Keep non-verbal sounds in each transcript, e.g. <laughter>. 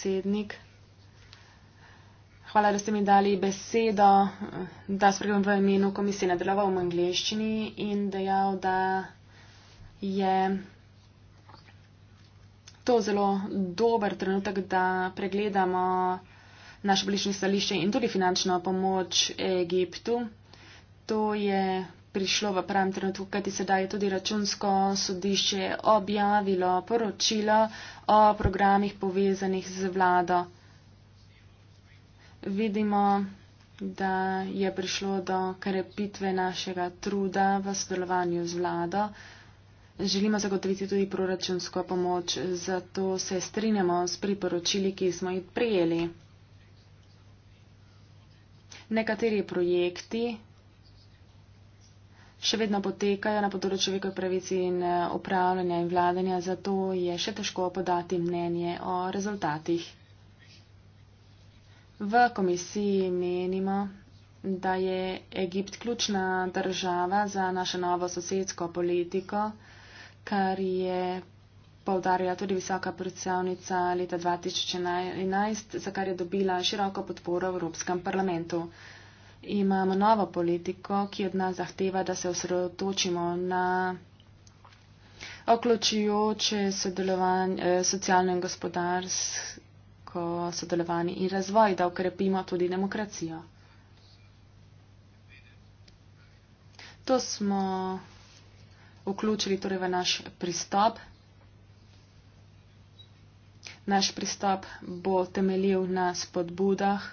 predsednik. Hvala, da ste mi dali besedo, da spregovorim v imenu komisije nadelova v angleščini in dejal, da je to zelo dober trenutek, da pregledamo naše bližnje stališče in tudi finančno pomoč Egiptu. To je prišlo v pravem trenutku, kajti sedaj je tudi računsko sodišče objavilo poročilo o programih povezanih z vlado. Vidimo, da je prišlo do krepitve našega truda v sodelovanju z vlado. Želimo zagotoviti tudi proračunsko pomoč, zato se strinjamo s priporočili, ki smo jih prijeli. Nekateri projekti še vedno potekajo na področju človekovih pravic in eh, upravljanja in vladanja, zato je še težko podati mnenje o rezultatih. V komisiji menimo, da je Egipt ključna država za našo novo sosedsko politiko, kar je povdarjala tudi visoka predstavnica leta 2011, za kar je dobila široko podporo v Evropskem parlamentu imamo novo politiko, ki od nas zahteva, da se osredotočimo na okločujoče eh, socialno in gospodarsko sodelovanje in razvoj, da ukrepimo tudi demokracijo. To smo vključili torej v naš pristop. Naš pristop bo temeljil na spodbudah.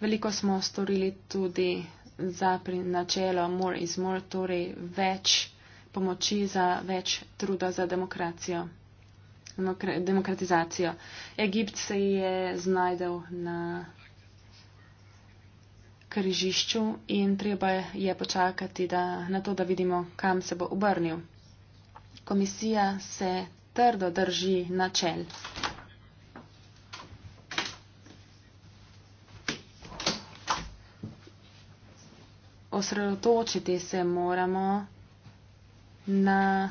Veliko smo storili tudi za načelo more is more, torej več pomoči za več truda za demokracijo, demokratizacijo. Egipt se je znajdel na križišču in treba je počakati da, na to, da vidimo, kam se bo obrnil. Komisija se trdo drži načel. osredotočiti se moramo na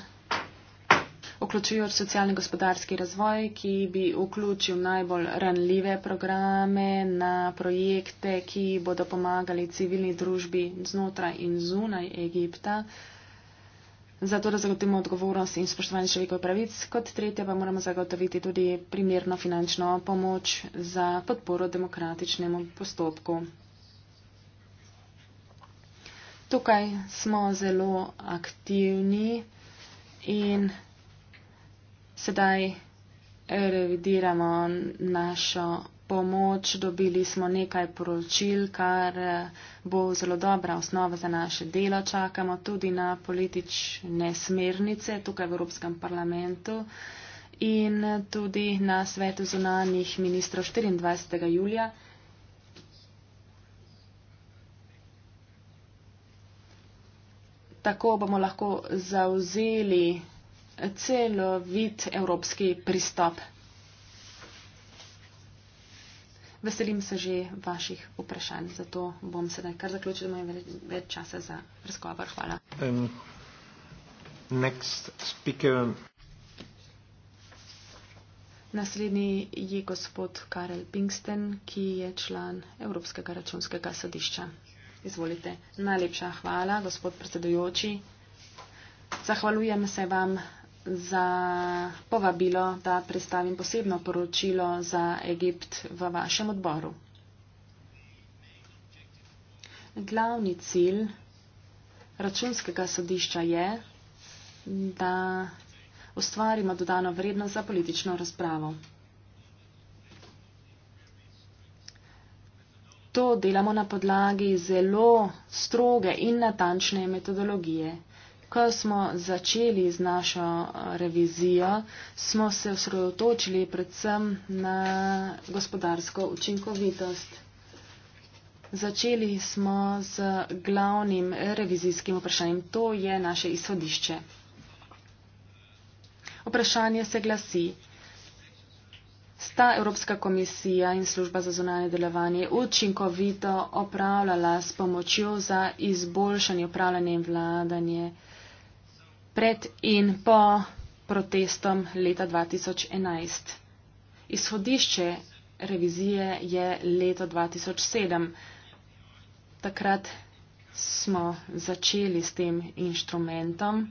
vključujoč socialni gospodarski razvoj, ki bi vključil najbolj ranljive programe na projekte, ki bodo pomagali civilni družbi znotraj in zunaj Egipta. Zato, da zagotovimo odgovornost in spoštovanje človekovih pravic, kot tretje pa moramo zagotoviti tudi primerno finančno pomoč za podporo demokratičnemu postopku tukaj smo zelo aktivni in sedaj revidiramo našo pomoč. Dobili smo nekaj poročil, kar bo zelo dobra osnova za naše delo. Čakamo tudi na politične smernice tukaj v Evropskem parlamentu in tudi na svetu zunanjih ministrov 24. julija. tako bomo lahko zauzeli celovit evropski pristop. Veselim se že vaših vprašanj, zato bom sedaj kar zaključil, da imam več, več časa za razgovor. Hvala. Um, next speaker. Naslednji je gospod Karel Pinksten, ki je član Evropskega računskega sodišča. Izvolite. Najlepša hvala, gospod predsedujoči. Zahvaljujem se vam za povabilo, da predstavim posebno poročilo za Egipt v vašem odboru. Glavni cilj računskega sodišča je, da ustvarimo dodano vrednost za politično razpravo. to delamo na podlagi zelo stroge in natančne metodologije. Ko smo začeli z našo eh, revizijo, smo se osredotočili predvsem na gospodarsko učinkovitost. Začeli smo z glavnim revizijskim vprašanjem, to je naše izhodišče. Vprašanje se glasi, sta Evropska komisija in služba za zunanje delovanje učinkovito opravljala s pomočjo za izboljšanje upravljanja in vladanje pred in po protestom leta 2011. Izhodišče revizije je leto 2007. Takrat smo začeli s tem inštrumentom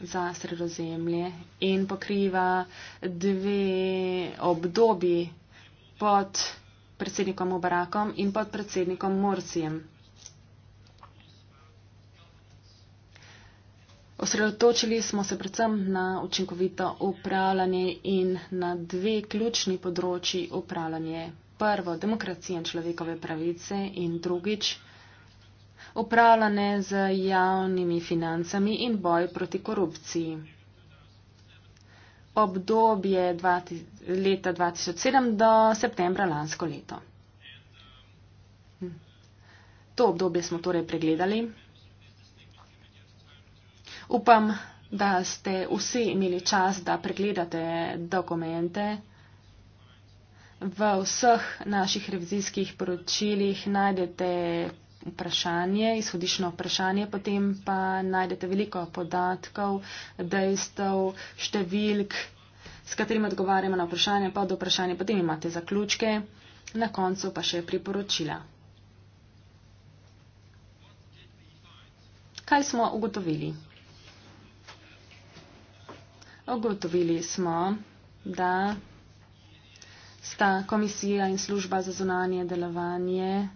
za sredozemlje in pokriva dve obdobji pod predsednikom Obarakom in pod predsednikom Morsijem. Osredotočili smo se predvsem na učinkovito upravljanje in na dve ključni področji upravljanje. Prvo, demokracija in človekove pravice in drugič, upravljanje z javnimi financami in boj proti korupciji. Obdobje leta 2007 do septembra lansko leto. Hm. To obdobje smo torej pregledali. Upam, da ste vsi imeli čas, da pregledate dokumente. V vseh naših revizijskih poročilih najdete vprašanje, izhodišno vprašanje, potem pa najdete veliko podatkov, dejstev, številk, s katerimi odgovarjamo na vprašanje, pa do vprašanja, potem imate zaključke, na koncu pa še priporočila. Kaj smo ugotovili? Ugotovili smo, da sta komisija in služba za zunanje delovanje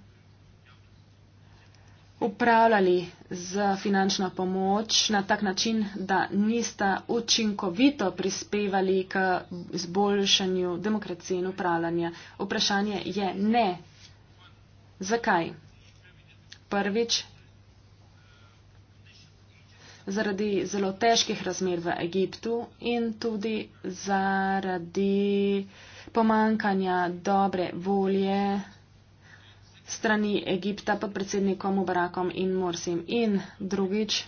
upravljali z finančno pomoč na tak način, da nista učinkovito prispevali k zboljšanju demokracije in upravljanja. Vprašanje je ne. Zakaj? Prvič, zaradi zelo težkih razmer v Egiptu in tudi zaradi pomankanja dobre volje strani Egipta pod predsednikom Mubarakom in Morsim. In drugič,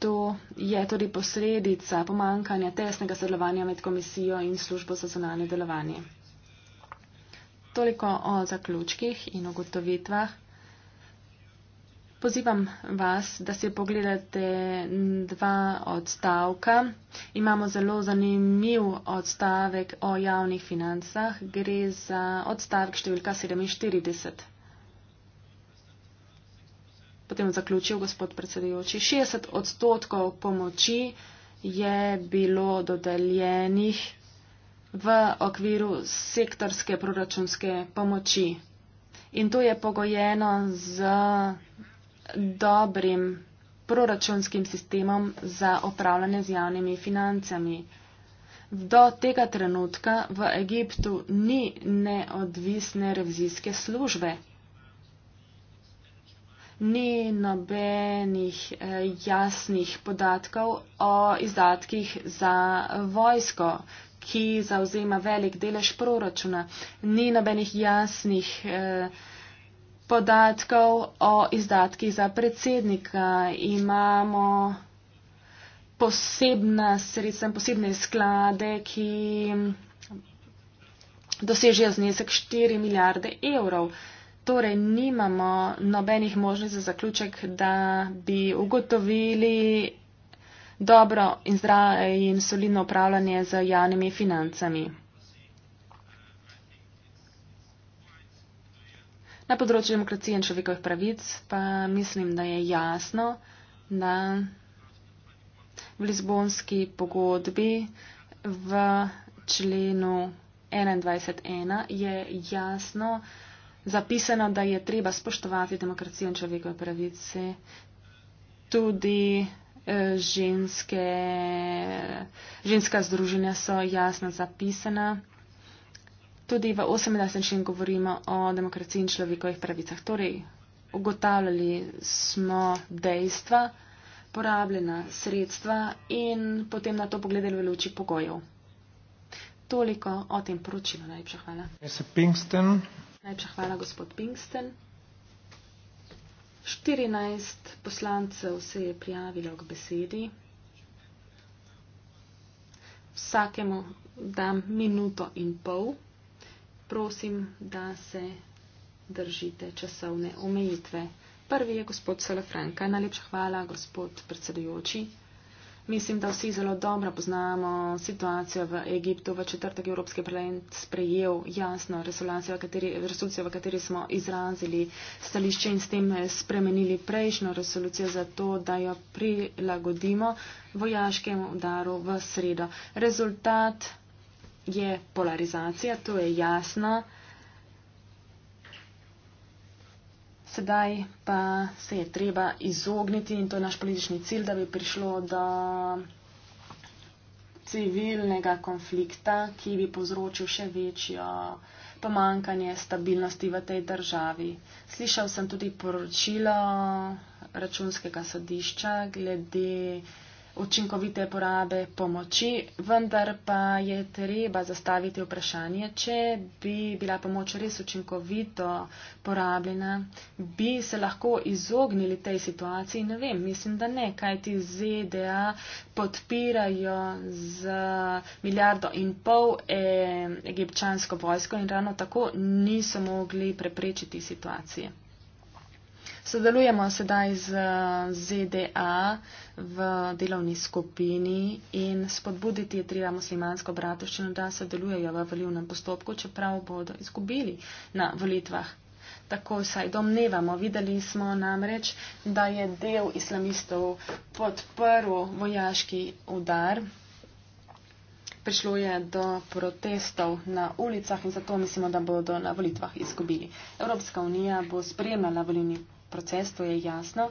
to je tudi posledica pomankanja tesnega sodelovanja med komisijo in službo za zonalne delovanje. Toliko o zaključkih in ugotovitvah. Pozivam vas, da si pogledate dva odstavka. Imamo zelo zanimiv odstavek o javnih financah. Gre za odstavek številka 47. Potem zaključil gospod predsedujoči. 60 odstotkov pomoči je bilo dodeljenih v okviru sektorske proračunske pomoči. In to je pogojeno z dobrim proračunskim sistemom za upravljanje z javnimi financami. Do tega trenutka v Egiptu ni neodvisne revizijske službe, ni nobenih eh, jasnih podatkov o izdatkih za vojsko, ki zauzema velik delež proračuna, ni nobenih jasnih eh, podatkov o izdatkih za predsednika. Imamo posebna sredstva in posebne sklade, ki dosežejo znesek 4 milijarde evrov. Torej, nimamo nobenih možnosti za zaključek, da bi ugotovili dobro in, in solidno upravljanje z javnimi financami. Na področju demokracije in človekovih pravic pa mislim, da je jasno, da v Lizbonski pogodbi v členu 21.1 je jasno zapisano, da je treba spoštovati demokracijo in človekove pravice, tudi eh, ženske, ženska združenja so jasno zapisana tudi v 18. členu govorimo o demokraciji in človekovih pravicah. Torej, ugotavljali smo dejstva, porabljena sredstva in potem na to pogledali v luči pogojev. Toliko o tem poročilu. Najlepša hvala. Najlepša hvala, gospod Pinksten. 14 poslancev se je prijavilo k besedi. Vsakemu dam minuto in pol prosim, da se držite časovne omejitve. Prvi je gospod Salafranka. Najlepša hvala, gospod predsedujoči. Mislim, da vsi zelo dobro poznamo situacijo v Egiptu. V četrtek je Evropski parlament sprejel jasno resolucijo, v kateri, resolucijo, v kateri smo izrazili stališče in s tem spremenili prejšnjo resolucijo za to, da jo prilagodimo vojaškemu udaru v sredo. Rezultat je polarizacija, to je jasno. Sedaj pa se je treba izogniti in to je naš politični cilj, da bi prišlo do civilnega konflikta, ki bi povzročil še večjo pomankanje stabilnosti v tej državi. Slišal sem tudi poročilo računskega sodišča glede učinkovite porabe pomoči, vendar pa je treba zastaviti vprašanje, če bi bila pomoč res učinkovito porabljena, bi se lahko izognili tej situaciji. Ne vem, mislim, da ne, kaj ti ZDA podpirajo z milijardo in pol e, egipčansko vojsko in ravno tako niso mogli preprečiti situacije. Sodelujemo sedaj z ZDA v delovni skupini in spodbuditi je treba muslimansko bratovščino, da sodelujejo v volivnem postopku, čeprav bodo izgubili na volitvah. Tako saj domnevamo. Videli smo namreč, da je del islamistov podprl vojaški udar. Prišlo je do protestov na ulicah in zato mislimo, da bodo na volitvah izgubili. Evropska unija bo spremljala volilni postopek proces, to je jasno.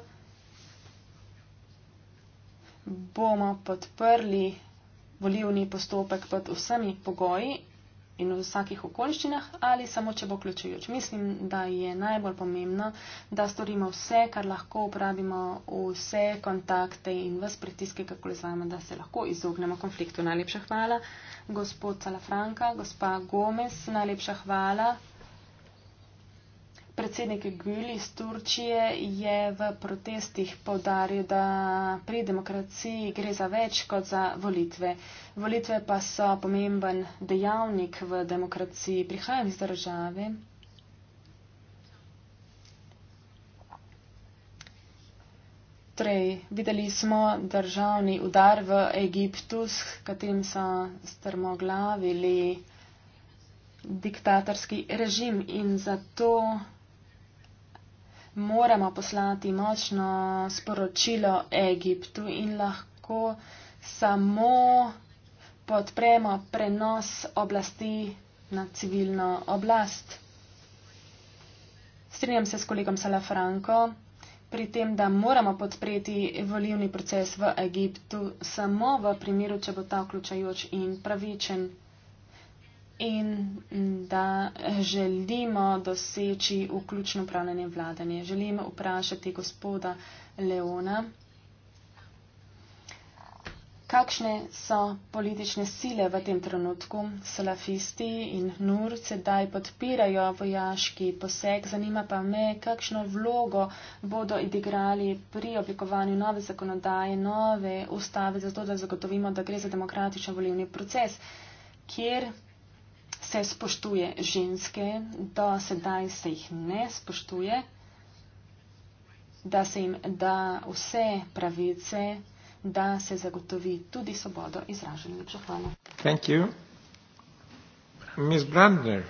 Bomo podprli volivni postopek pod vsemi pogoji in v vsakih okoliščinah ali samo, če bo ključujoč. Mislim, da je najbolj pomembno, da storimo vse, kar lahko uporabimo, vse kontakte in vas pritiske, kako le znamo, da se lahko izognemo konfliktu. Najlepša hvala, gospod Salafranka, gospa Gomez, najlepša hvala. Predsednik Güli iz Turčije je v protestih povdaril, da pri demokraciji gre za več kot za volitve. Volitve pa so pomemben dejavnik v demokraciji. Prihajam iz države. Torej, videli smo državni udar v Egiptu, s katerim so strmoglavili diktatorski režim in zato moramo poslati močno sporočilo Egiptu in lahko samo podpremo prenos oblasti na civilno oblast. Strinjam se s kolegom Salafranko pri tem, da moramo podpreti volivni proces v Egiptu samo v primeru, če bo ta vključajoč in pravičen in da želimo doseči vključno upravljanje vladanje. Želimo vprašati gospoda Leona, kakšne so politične sile v tem trenutku. Salafisti in Nur sedaj podpirajo vojaški poseg. Zanima pa me, kakšno vlogo bodo igrali pri oblikovanju nove zakonodaje, nove ustave, zato da zagotovimo, da gre za demokratičen volivni proces, kjer se spoštuje ženske, do sedaj se jih ne spoštuje, da se jim da vse pravice, da se zagotovi tudi svobodo izražanja. Lepša hvala. Thank you. Ms. Brandner.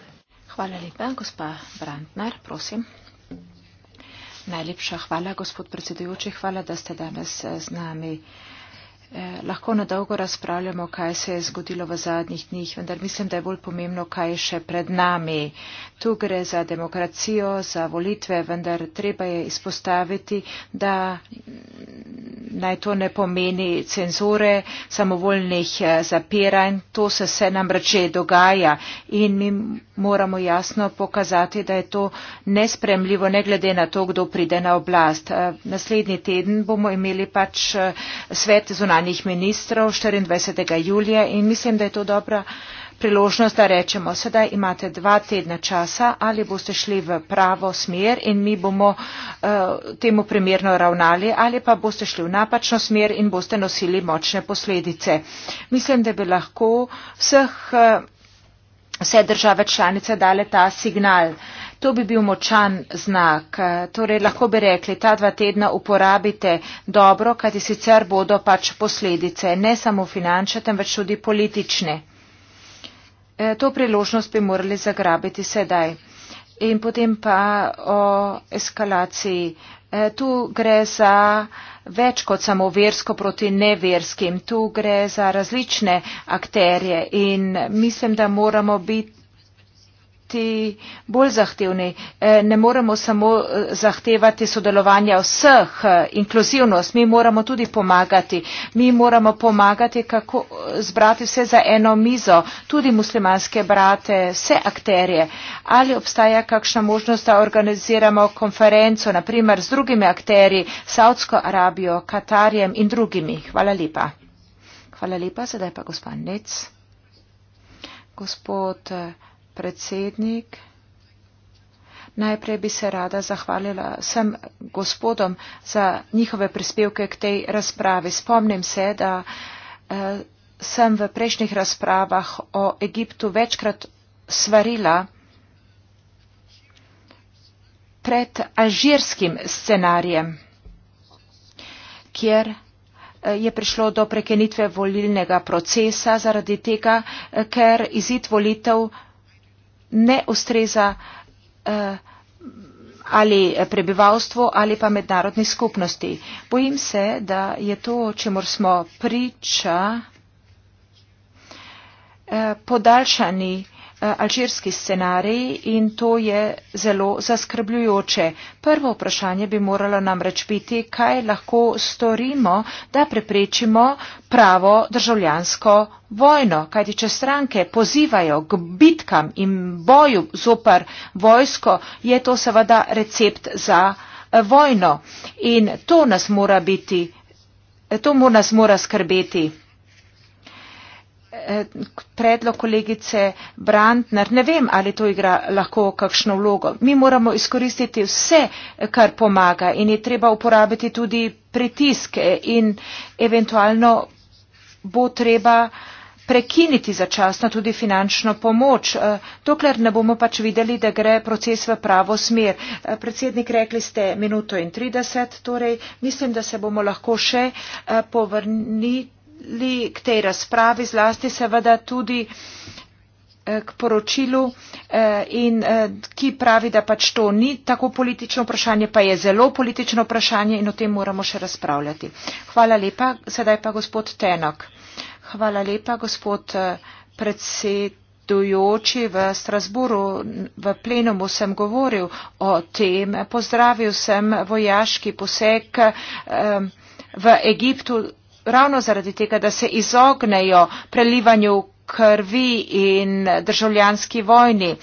Hvala lepa, gospa Brandner, prosim. Najlepša hvala, gospod predsedujoči, hvala, da ste danes eh, z nami. Eh, lahko na dolgo razpravljamo, kaj se je zgodilo v zadnjih dneh, vendar mislim, da je bolj pomembno, kaj je še pred nami. Tu gre za demokracijo, za volitve, vendar treba je izpostaviti, da naj to ne pomeni cenzure, samovoljnih eh, zapiranj. To se vse namreč dogaja in mi moramo jasno pokazati, da je to nespremljivo, ne glede na to, kdo pride na oblast. Eh, naslednji teden bomo imeli pač svet zunanje zunanjih ministrov 24. julija in mislim, da je to dobra priložnost, da rečemo, sedaj imate dva tedna časa, ali boste šli v pravo smer in mi bomo uh, temu primerno ravnali, ali pa boste šli v napačno smer in boste nosili močne posledice. Mislim, da bi lahko vseh, uh, vse države članice dale ta signal. Uh, to bi bil močan znak. Torej, lahko bi rekli, ta dva tedna uporabite dobro, kajti sicer bodo pač posledice, ne samo finančne, temveč tudi politične. E, to priložnost bi morali zagrabiti sedaj. In potem pa o eskalaciji. E, tu gre za več kot samo versko proti neverskim. Tu gre za različne akterje in mislim, da moramo biti biti bolj zahtevni. Eh, ne moremo samo eh, zahtevati sodelovanja vseh, eh, inkluzivnost, mi moramo tudi pomagati. Mi moramo pomagati, kako zbrati vse za eno mizo, tudi muslimanske brate, vse akterje. Ali obstaja kakšna možnost, da organiziramo konferenco, naprimer z drugimi akterji, Saudsko Arabijo, Katarjem in drugimi? Hvala lepa. Hvala lepa, sedaj pa gospod Nec. Gospod predsednik. Najprej bi se rada zahvalila vsem gospodom za njihove prispevke k tej razpravi. Spomnim se, da eh, sem v prejšnjih razpravah o Egiptu večkrat svarila pred alžirskim scenarijem, kjer eh, je prišlo do prekenitve volilnega procesa zaradi tega, eh, ker izid volitev ne ustreza eh, ali prebivalstvo ali pa mednarodni skupnosti. Bojim se, da je to, čemu smo priča, eh, podaljšani eh, Eh, alžirski scenarij in to je zelo zaskrbljujoče. Prvo vprašanje bi moralo namreč biti, kaj lahko storimo, da preprečimo pravo državljansko vojno. Kajti, če stranke pozivajo k bitkam in boju zopr vojsko, je to seveda recept za eh, vojno. In to nas mora biti. To mora nas mora skrbeti predlog kolegice Brandner, ne vem, ali to igra lahko kakšno vlogo. Mi moramo izkoristiti vse, kar pomaga in je treba uporabiti tudi pritiske in eventualno bo treba prekiniti začasno tudi finančno pomoč, eh, dokler ne bomo pač videli, da gre proces v pravo smer. Eh, predsednik, rekli ste minuto in 30, torej mislim, da se bomo lahko še eh, povrniti pristopili k tej razpravi, zlasti seveda tudi eh, k poročilu eh, in eh, ki pravi, da pač to ni tako politično vprašanje, pa je zelo politično vprašanje in o tem moramo še razpravljati. Hvala lepa. Sedaj pa gospod Tenok. Hvala lepa, gospod predsedujoči v Strasburu. V plenumu sem govoril o tem. Pozdravil sem vojaški poseg v Egiptu ravno zaradi tega, da se izognejo prelivanju krvi in državljanski vojni.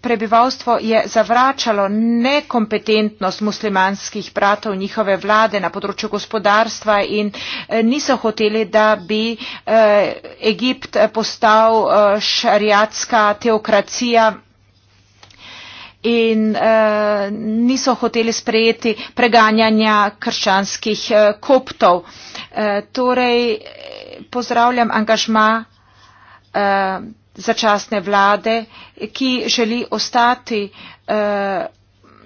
Prebivalstvo je zavračalo nekompetentnost muslimanskih bratov njihove vlade na področju gospodarstva in eh, niso hoteli, da bi eh, Egipt postal eh, šariatska teokracija in uh, niso hoteli sprejeti preganjanja krščanskih uh, koptov. Uh, torej, pozdravljam angažma uh, začasne vlade, ki želi ostati uh,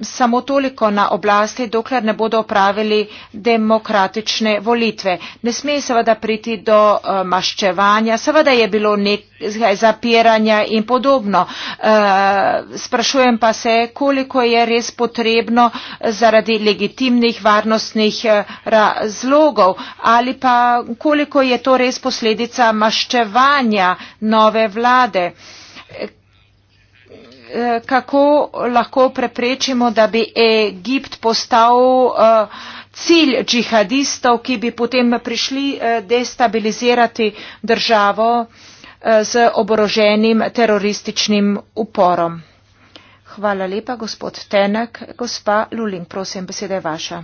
samo toliko na oblasti, dokler ne bodo opravili demokratične volitve. Ne smije seveda priti do uh, maščevanja, seveda je bilo nekaj zapiranja in podobno. Uh, sprašujem pa se, koliko je res potrebno zaradi legitimnih varnostnih eh, razlogov ali pa koliko je to res posledica maščevanja nove vlade. Eh, kako lahko preprečimo, da bi Egipt postal eh, cilj džihadistov, ki bi potem prišli eh, destabilizirati državo z oboroženim terorističnim uporom. Hvala lepa, gospod Tenek. Gospa Lulin, prosim, beseda je vaša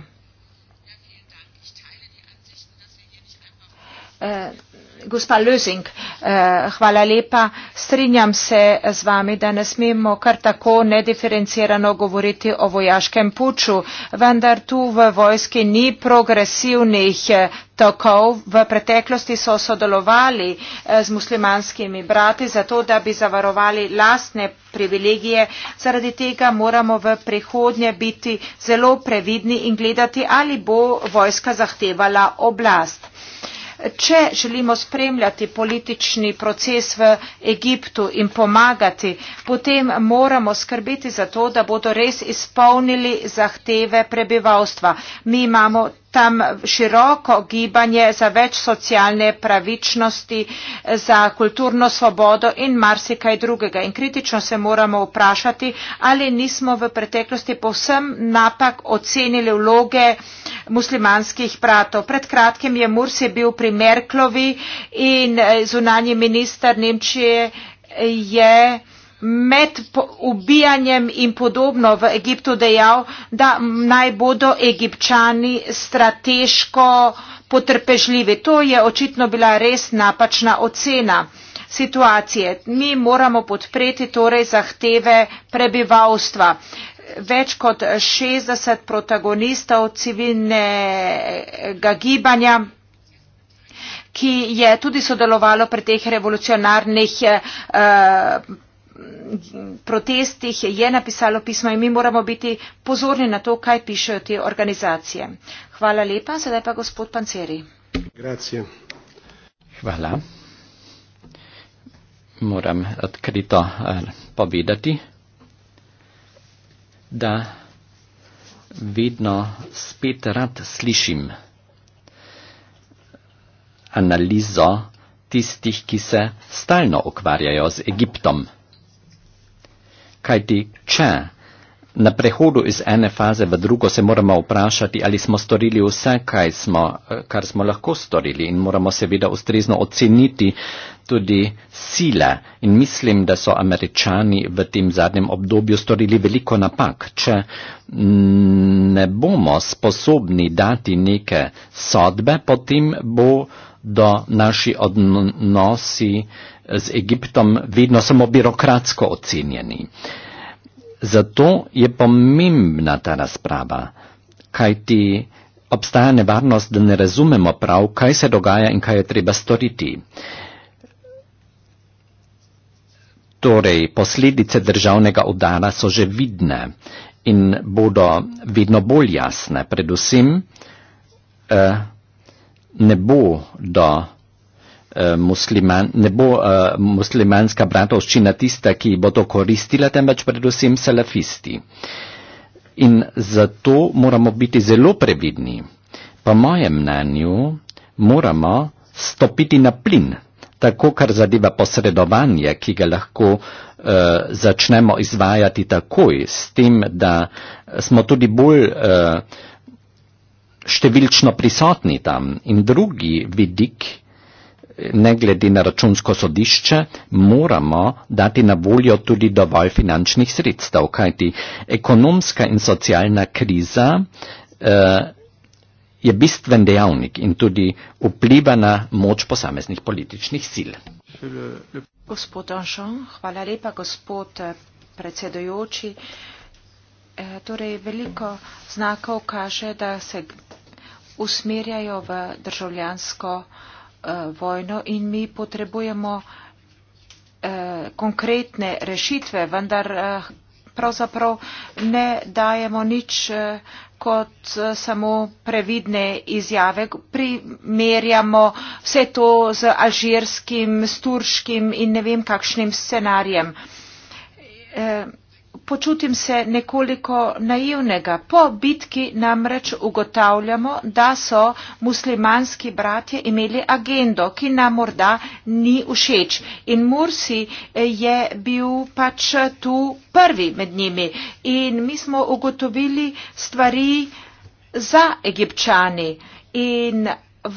gospa Lösing, eh, hvala lepa. Strinjam se z vami, da ne smemo kar tako nediferencirano govoriti o vojaškem puču, vendar tu v vojski ni progresivnih eh, tokov. V preteklosti so sodelovali eh, z muslimanskimi brati, zato da bi zavarovali lastne privilegije. Zaradi tega moramo v prihodnje biti zelo previdni in gledati, ali bo vojska zahtevala oblast. Eh, če želimo spremljati politični proces v Egiptu in pomagati, potem moramo skrbeti za to, da bodo res izpolnili zahteve prebivalstva. Mi imamo tam široko gibanje za več socialne pravičnosti, za kulturno svobodo in marsikaj drugega. In kritično se moramo vprašati, ali nismo v preteklosti povsem napak ocenili vloge muslimanskih bratov. Pred kratkim je Mursi bil pri Merklovi in eh, zunanji minister Nemčije je med ubijanjem in podobno v Egiptu dejal, da naj bodo egipčani strateško potrpežljivi. To je očitno bila res napačna ocena situacije. Mi moramo podpreti torej zahteve prebivalstva. Več kot 60 protagonistov civilnega gibanja ki je tudi sodelovalo pri teh revolucionarnih eh, protestih je napisalo pismo in mi moramo biti pozorni na to, kaj pišejo te organizacije. Hvala lepa, sedaj pa gospod Panceri. Grazie. Hvala. Moram odkrito eh, povedati, da vedno spet rad slišim analizo tistih, ki se stalno ukvarjajo z Egiptom kaj ti če. Na prehodu iz ene faze v drugo se moramo vprašati, ali smo storili vse, smo, kar smo lahko storili in moramo seveda ustrezno oceniti tudi sile. In mislim, da so američani v tem zadnjem obdobju storili veliko napak. Če ne bomo sposobni dati neke sodbe, potem bo da naši odnosi z Egiptom vedno samo birokratsko ocenjeni. Zato je pomembna ta razprava, kaj ti obstaja nevarnost, da ne razumemo prav, kaj se dogaja in kaj je treba storiti. Torej, posledice državnega udara so že vidne in bodo vedno bolj jasne, predvsem eh, ne bo, da eh, musliman, ne bo uh, muslimanska bratovščina tista, ki bo to koristila, temveč predvsem salafisti. In zato moramo biti zelo previdni. Po mojem mnenju moramo stopiti na plin, tako kar zadeva posredovanje, ki ga lahko uh, začnemo izvajati takoj, s tem, da smo tudi bolj uh, številčno prisotni tam. In drugi vidik, ne glede na računsko sodišče, moramo dati na voljo tudi dovolj finančnih sredstev, kajti ekonomska in socialna kriza eh, je bistven dejavnik in tudi vpliva na moč posameznih političnih sil. Gospod Anšon, hvala lepa, gospod eh, predsedojoči. E, eh, torej, veliko znakov kaže, da se usmerjajo v državljansko uh, vojno in mi potrebujemo uh, konkretne rešitve, vendar uh, pravzaprav ne dajemo nič uh, kot uh, samo previdne izjave. Primerjamo vse to z alžirskim, s turškim in ne vem kakšnim scenarijem. Uh, počutim se nekoliko naivnega. Po bitki namreč ugotavljamo, da so muslimanski bratje imeli agendo, ki nam morda ni všeč. In Mursi eh, je bil pač tu prvi med njimi. In mi smo ugotovili stvari za egipčani. In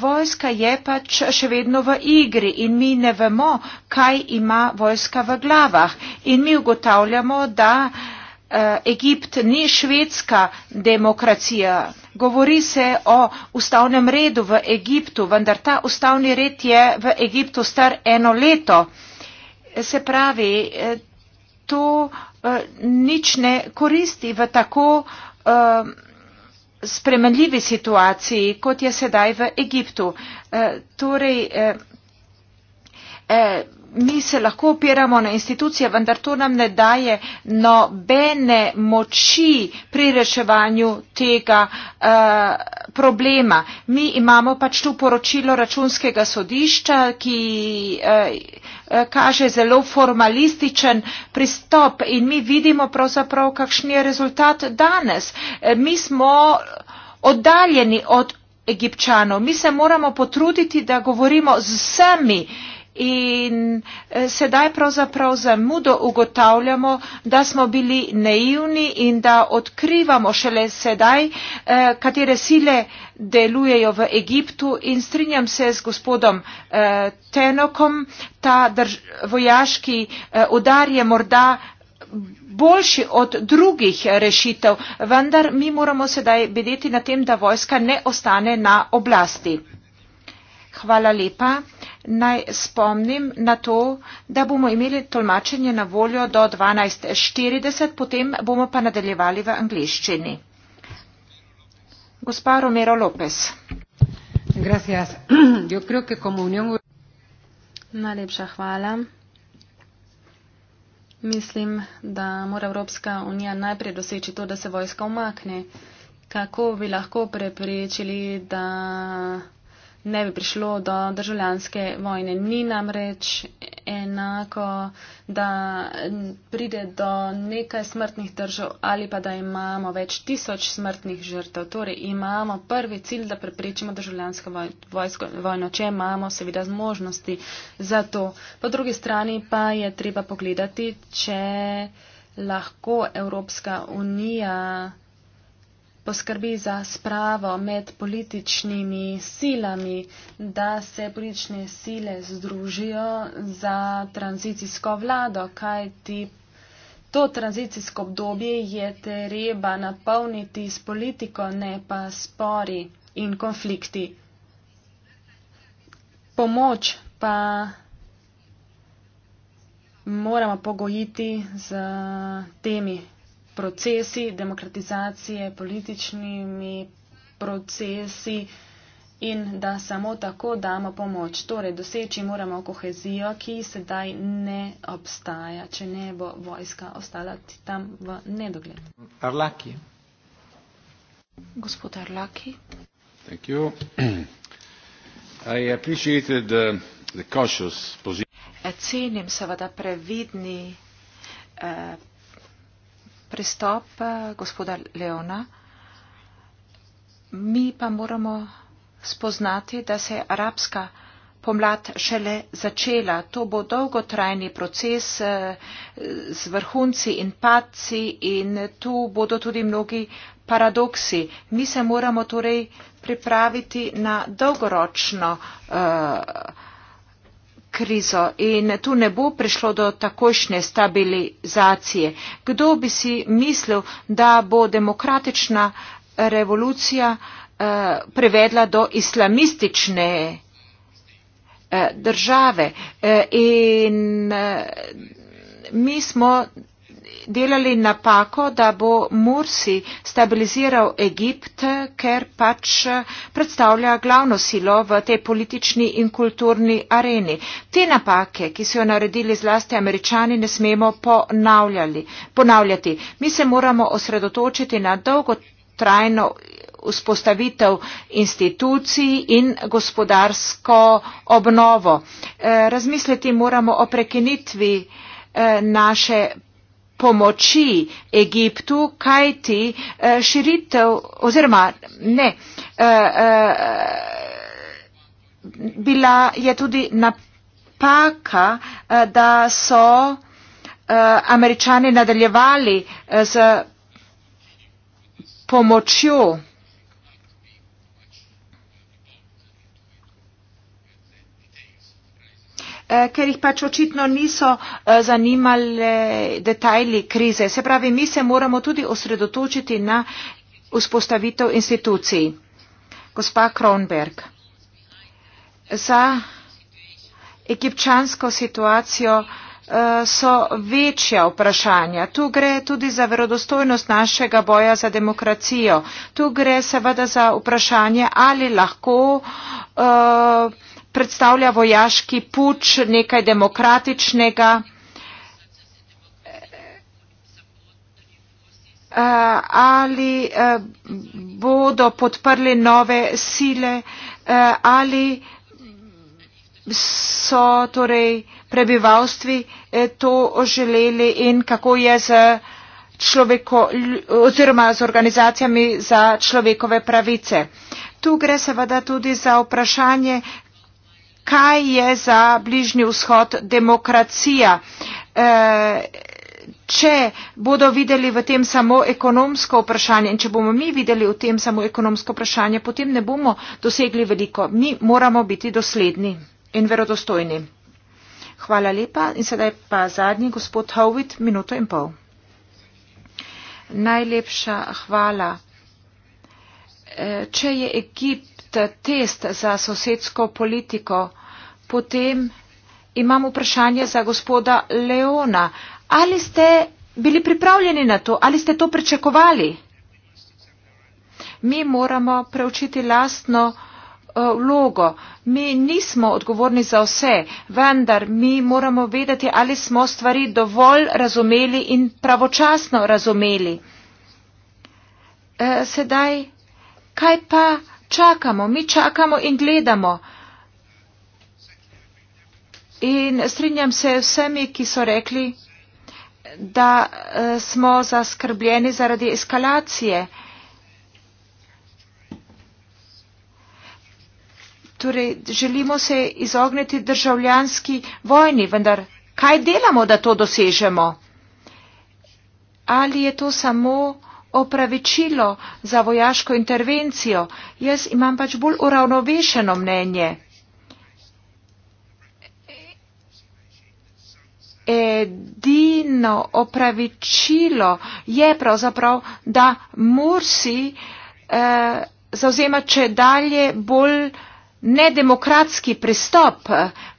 vojska je pač še vedno v igri in mi ne vemo, kaj ima vojska v glavah. In mi ugotavljamo, da eh, Egipt ni švedska demokracija. Govori se o ustavnem redu v Egiptu, vendar ta ustavni red je v Egiptu star eno leto. Se pravi, eh, to eh, nič ne koristi v tako spremenljivi situaciji, kot je sedaj v Egiptu. Eh, torej, eh, eh, mi se lahko opiramo na institucije, vendar to nam ne daje nobene moči pri reševanju tega problema. Mi imamo pač tu poročilo računskega sodišča, ki Eh, kaže zelo formalističen pristop in mi vidimo pravzaprav, kakšen je rezultat danes. Eh, mi smo oddaljeni od egipčanov, mi se moramo potruditi, da govorimo z vsemi uh, In eh, sedaj pravzaprav zamudo ugotavljamo, da smo bili naivni in da odkrivamo šele sedaj, eh, katere sile delujejo v Egiptu. In strinjam se z gospodom eh, Tenokom, ta drž, vojaški udar je morda boljši od drugih rešitev, vendar mi moramo sedaj bedeti na tem, da vojska ne ostane na oblasti. Hvala lepa naj spomnim na to, da bomo imeli tolmačenje na voljo do 12.40, potem bomo pa nadaljevali v angliščini. Gospa Romero Lopez. <clears throat> Najlepša hvala. Mislim, da mora Evropska unija najprej doseči to, da se vojska umakne. Kako bi lahko preprečili, da ne bi prišlo do državljanske vojne. Ni namreč enako, da pride do nekaj smrtnih držav ali pa da imamo več tisoč smrtnih žrtev. Torej imamo prvi cilj, da preprečimo državljansko voj, vojsko, vojno, če imamo seveda zmožnosti za to. Po drugi strani pa je treba pogledati, če lahko Evropska unija poskrbi za spravo med političnimi silami, da se politične sile združijo za tranzicijsko vlado, kaj ti to tranzicijsko obdobje je treba napolniti s politiko, ne pa spori in konflikti. Pomoč pa moramo pogojiti z temi procesi demokratizacije, političnimi procesi in da samo tako damo pomoč. Torej, doseči moramo kohezijo, ki sedaj ne obstaja, če ne bo vojska ostala tam v nedogled. Arlaki. Gospod Arlaki. Thank you. <clears throat> I appreciate the, the cautious position. Cenim seveda previdni eh, pristop eh, gospoda Leona. Mi pa moramo spoznati, da se je arabska pomlad šele začela. To bo dolgotrajni proces eh, z vrhunci in paci in tu bodo tudi mnogi paradoksi. Mi se moramo torej pripraviti na dolgoročno. Uh, krizo in tu ne bo prišlo do takošnje stabilizacije. Kdo bi si mislil, da bo demokratična revolucija eh, prevedla do islamistične eh, države eh, in eh, mi smo delali napako, da bo Mursi stabiliziral Egipt, ker pač predstavlja glavno silo v tej politični in kulturni areni. Te napake, ki so jo naredili zlasti američani, ne smemo ponavljati. Mi se moramo osredotočiti na dolgotrajno vzpostavitev institucij in gospodarsko obnovo. Eh, razmisliti moramo o prekinitvi eh, naše pomoči Egiptu, kajti eh, širitev oziroma ne, eh, eh, bila je tudi napaka, da so američani nadaljevali z pomočjo Eh, ker jih pač očitno niso eh, zanimale detajli krize. Se pravi, mi se moramo tudi osredotočiti na vzpostavitev institucij. Gospa Kronberg, za egipčansko situacijo eh, so večja vprašanja. Tu gre tudi za verodostojnost našega boja za demokracijo. Tu gre seveda za vprašanje, ali lahko uh, predstavlja vojaški puč nekaj demokratičnega, eh, ali eh, bodo podprli nove sile, eh, ali so torej prebivalstvi to želeli in kako je z človeko oziroma z organizacijami za človekove pravice. Tu gre seveda tudi za vprašanje, kaj je za bližnji vzhod demokracija. E, če bodo videli v tem samo ekonomsko vprašanje in če bomo mi videli v tem samo ekonomsko vprašanje, potem ne bomo dosegli veliko. Mi moramo biti dosledni in verodostojni. Hvala lepa. In sedaj pa zadnji, gospod Howitt, minuto in pol. Najlepša hvala. E, če je Egipt test za sosedsko politiko. Potem imam vprašanje za gospoda Leona. Ali ste bili pripravljeni na to? Ali ste to pričakovali? Mi moramo preučiti lastno eh, vlogo. Mi nismo odgovorni za vse, vendar mi moramo vedeti, ali smo stvari dovolj razumeli in pravočasno razumeli. E, sedaj, kaj pa čakamo, mi čakamo in gledamo. In strinjam se vsemi, ki so rekli, da eh, smo zaskrbljeni zaradi eskalacije. Torej, želimo se izogniti državljanski vojni, vendar kaj delamo, da to dosežemo? Ali je to samo opravičilo za vojaško intervencijo. Jaz imam pač bolj uravnovešeno mnenje. Edino opravičilo je pravzaprav, da Mursi eh, zauzema če dalje bolj nedemokratski pristop,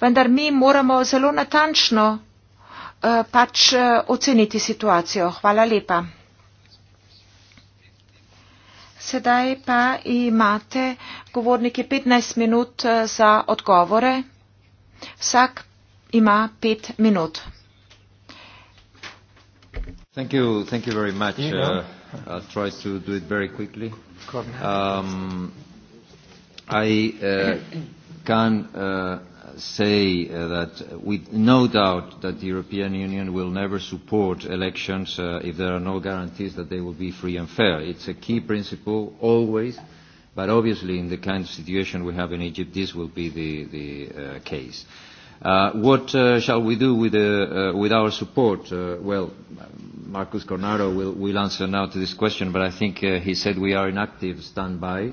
vendar mi moramo zelo natančno eh, pač eh, oceniti situacijo. Hvala lepa. Sedaj pa imate govorniki 15 minut eh, za odgovore. Vsak ima 5 minut. Thank you, thank you very much. Uh, I'll try to do it very quickly. Um, I uh, can uh, say uh, that with no doubt that the European Union will never support elections uh, if there are no guarantees that they will be free and fair. It's a key principle always, but obviously in the kind of situation we have in Egypt, this will be the, the uh, case. Uh, what uh, shall we do with, uh, uh, with our support? Uh, well, Marcus Cornaro will, will answer now to this question, but I think uh, he said we are in active standby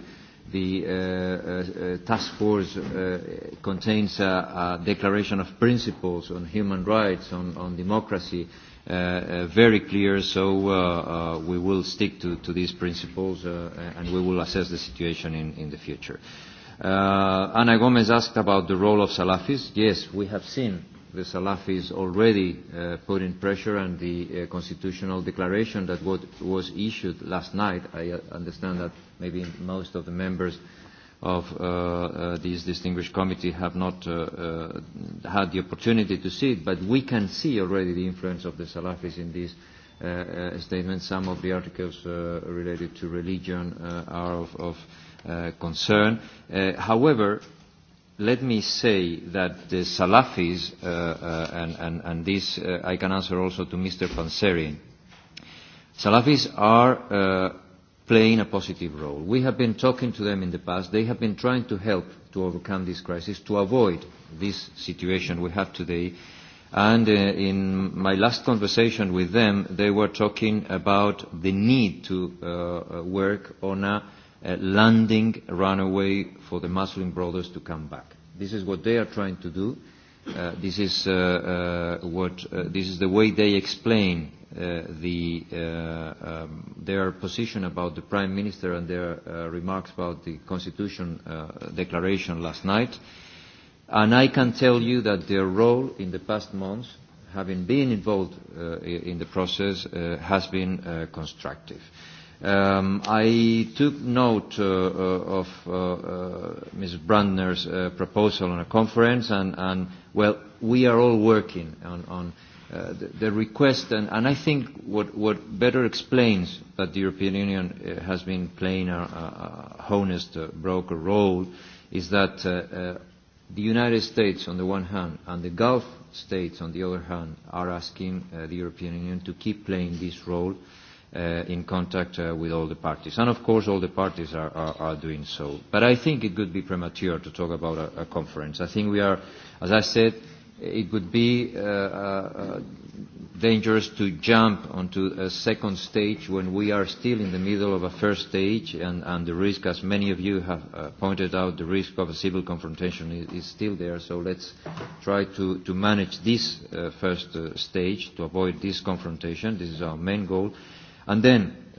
the uh, uh, uh, task force uh, contains a, a declaration of principles on human rights, on, on democracy, uh, uh, very clear, so uh, uh, we will stick to, to these principles uh, and we will assess the situation in, in the future. Uh, Ana Gomez asked about the role of Salafis. Yes, we have seen the Salafis already uh, put in pressure and the uh, constitutional declaration that what was issued last night, I uh, understand that maybe most of the members of uh, uh, this distinguished committee have not uh, uh, had the opportunity to see it, but we can see already the influence of the Salafis in these uh, uh, statements. Some of the articles uh, related to religion uh, are of, of uh, concern. Uh, however, let me say that the Salafis, uh, uh, and, and, and this uh, I can answer also to Mr. Panserin, Salafis are uh, playing a positive role. We have been talking to them in the past. They have been trying to help to overcome this crisis, to avoid this situation we have today. And uh, in my last conversation with them, they were talking about the need to uh, uh work on a, a landing runaway for the Muslim brothers to come back. This is what they are trying to do. Uh, this, is, uh, uh, what, uh, this is the way they explain uh, uh, the, uh, um, their position about the Prime Minister and their uh, remarks about the Constitution uh, Declaration last night. And I can tell you that their role in the past months, having been involved uh, in the process, uh, has been uh, constructive. Um, I took note uh, uh of uh, uh, Ms. Brandner's uh, proposal on a conference, and, and well, we are all working on, on uh, uh, the, the request, and, and I think what, what better explains that the European Union uh, has been playing a, a, a honest uh, broker role is that uh, uh, the United States, on the one hand, and the Gulf states, on the other hand, are asking uh, the European Union to keep playing this role uh, in contact uh, with all the parties. And of course, all the parties are, are, are doing so. But I think it could be premature to talk about a, a conference. I think we are, as I said, it would be uh, uh, uh, dangerous to jump onto a second stage when we are still in the middle of a first stage and, and the risk, as many of you have uh, pointed out, the risk of a civil confrontation is, is still there. So let's try to, to manage this uh, first uh, stage to avoid this confrontation. This is our main goal. And then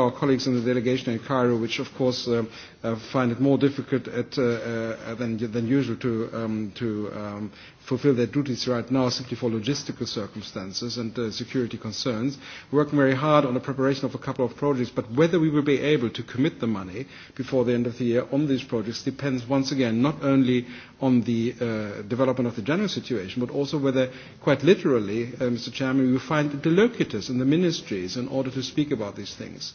our colleagues in the delegation in cairo which of course um, Uh, find it more difficult at, uh, uh, than, than usual to, um, to um, fulfill their duties right now simply for logistical circumstances and uh, security concerns. We're working very hard on the preparation of a couple of projects, but whether we will be able to commit the money before the end of the year on these projects depends once again not only on the uh, development of the general situation, but also whether, quite literally, uh, Mr. Chairman, we find the locators and the ministries in order to speak about these things.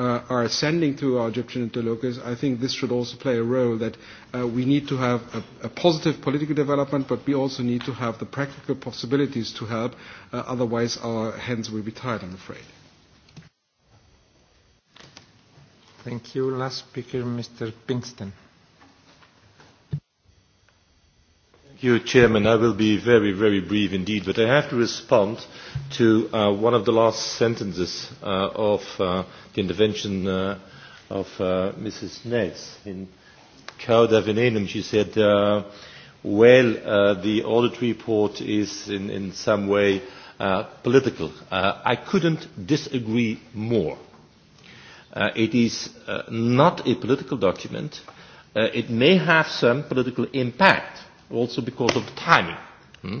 uh, are ascending through our Egyptian interlocutors, I think this should also play a role that uh, we need to have a, a positive political development, but we also need to have the practical possibilities to help. Uh, otherwise, our hands will be tied, I'm afraid. Thank you. Last speaker, Mr. Pinkston. Thank you, Chairman. I will be very, very brief indeed, but I have to respond to uh, one of the last sentences uh, of uh, the intervention uh, of uh, Mrs. Ness. In Kaudavinenum, she said, uh, well, uh, the audit report is in, in some way uh, political. Uh, I couldn't disagree more. Uh, it is uh, not a political document. Uh, it may have some political impact, also because of the timing. Hmm?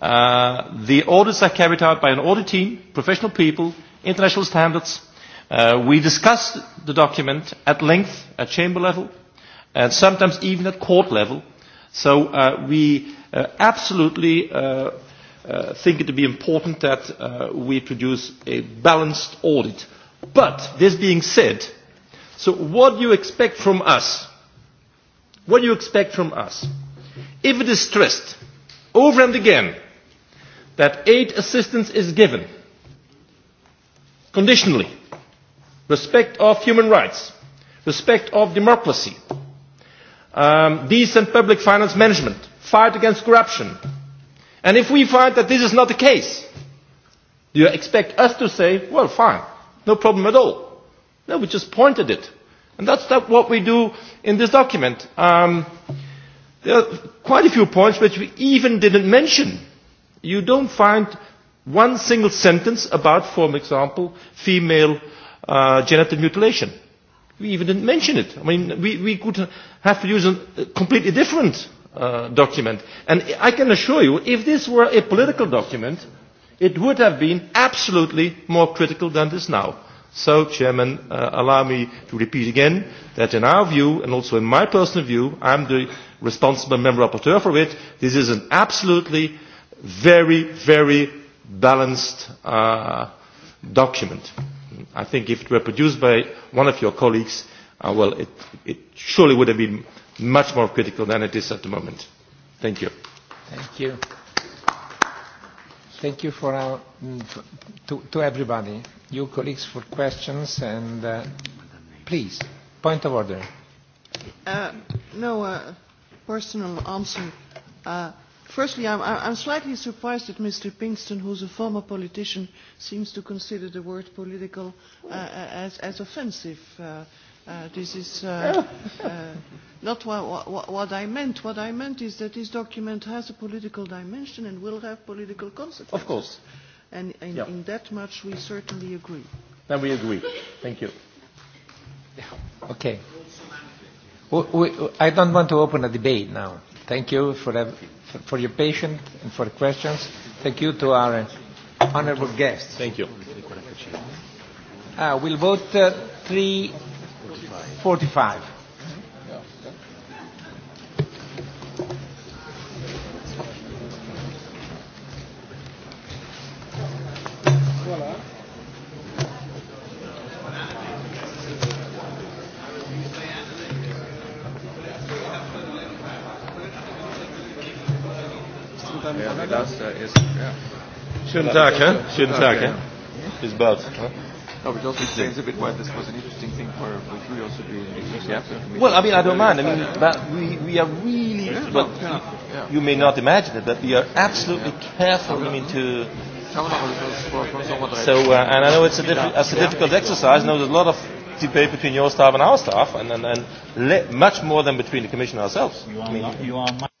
Uh, the audits are carried out by an audit team, professional people, international standards. Uh, we discuss the document at length at chamber level and sometimes even at court level. So uh, we uh, absolutely uh, uh, think it to be important that uh, we produce a balanced audit. But this being said, so what do you expect from us? What do you expect from us? If it is stressed over and again, that aid assistance is given conditionally respect of human rights respect of democracy um, decent public finance management fight against corruption and if we find that this is not the case do you expect us to say well fine no problem at all no we just pointed it and that's not what we do in this document um, there are quite a few points which we even didn't mention you don't find one single sentence about, for example, female uh, genital mutilation. We even didn't mention it. I mean, we, we could have used a completely different uh, document. And I can assure you, if this were a political document, it would have been absolutely more critical than this now. So, Chairman, uh, allow me to repeat again that in our view, and also in my personal view, I'm the responsible member rapporteur for it, this is an absolutely very, very balanced uh, document. I think if it were produced by one of your colleagues, uh, well, it, it surely would have been much more critical than it is at the moment. Thank you. Thank you. Thank you for our, mm, to, to everybody, you colleagues for questions and uh, please, point of order. Uh, no, a uh, personal answer. Uh, firstly, I'm, I'm slightly surprised that Mr. Pinkston, who's a former politician, seems to consider the word political uh, uh as, as offensive. Uh, uh, this is uh, uh, not what, what, what I meant. What I meant is that this document has a political dimension and will have political consequences. Of course. And, and yeah. in that much, we certainly agree. Then we agree. Thank you. Okay. We, we, I don't want to open a debate now. Thank you for, the, for your patience and for the questions. Thank you to our honourable guests. Thank you. Uh, we'll vote uh, 345. 45. das ist. Ja. Schönen Tag, hä? Schönen Tag, ja. hä? Ist bald. No, but also explains a bit why this was an interesting thing for for you also to be in yeah. Well, I mean, I don't mind. I mean, but we we are really yeah. well. Yeah. Yeah. You may not imagine it, but we are absolutely yeah. careful. I mean, to so uh, and I know it's a, diffi it's a difficult yeah. exercise. I know there's a lot of debate between your staff and our staff, and and, and much more than between the commission ourselves. You are I mean,